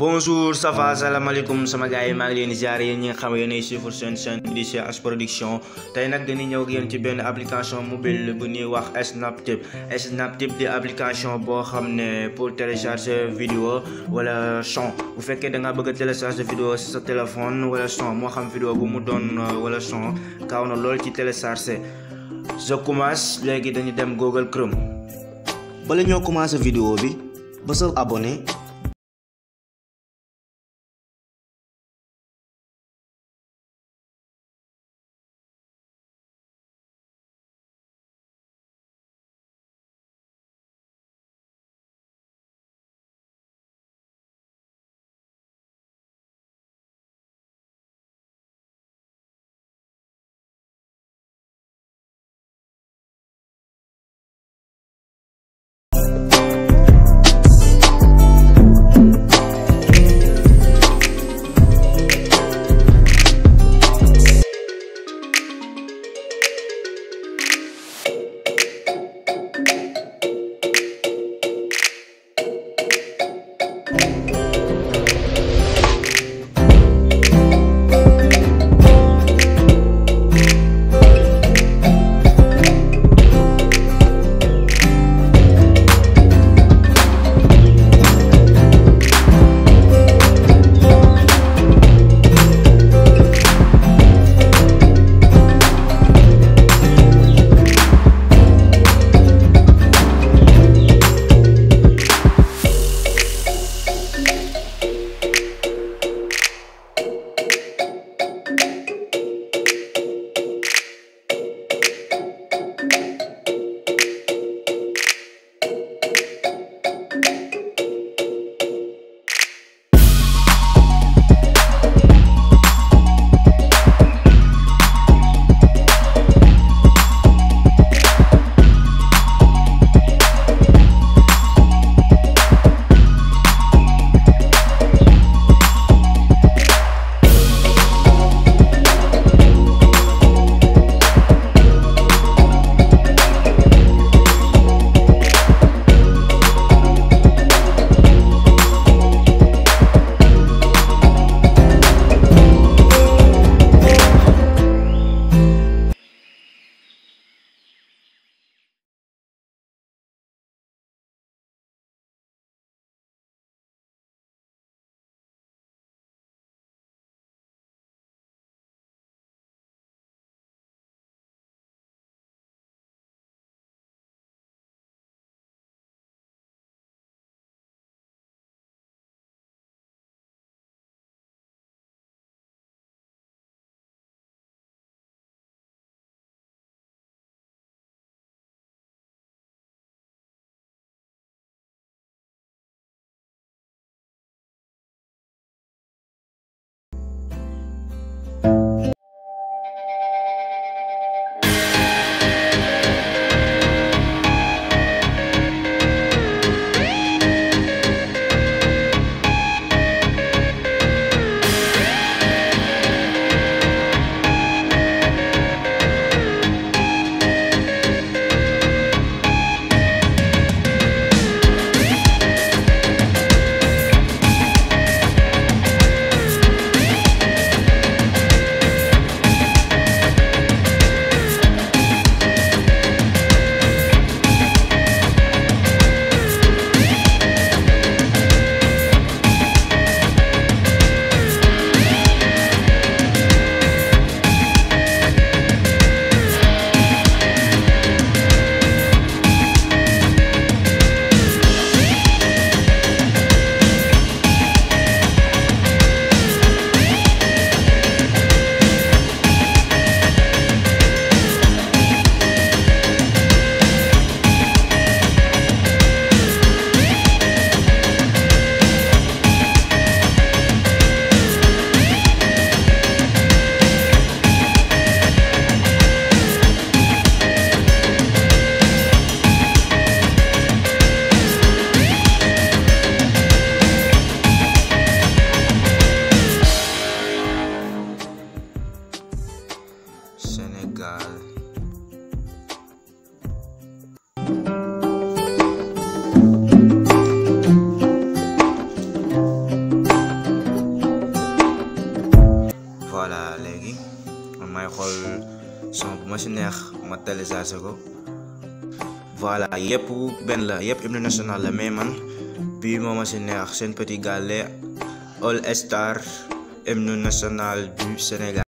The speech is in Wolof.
bonjour ça va salaamaaleykum sama gars yi maa ngi leen di ziare yéen xam yéenay suivre seen chaîne bi tey nag dañuy ñëw ak yéen ci benn application mobile bu ñuy wax Snaptip Snaptip di application boo xam ne pour télécharger vidéo wala son bu fekkee da ngaa bëgg a télécharger vidéo si sa téléphone wala son moo xam vidéo bu mu doon euh, wala son kaw na lool ci télécharger je commence léegi dañu dem Google Chrome bala ñoo commencé vidéo bi ba sa abonné. ma si neex ma téléchargé yëpp benn la yëpp hymne national mais man bii moo ma si neex Sen Petit Gallé All Star hymne national du Sénégal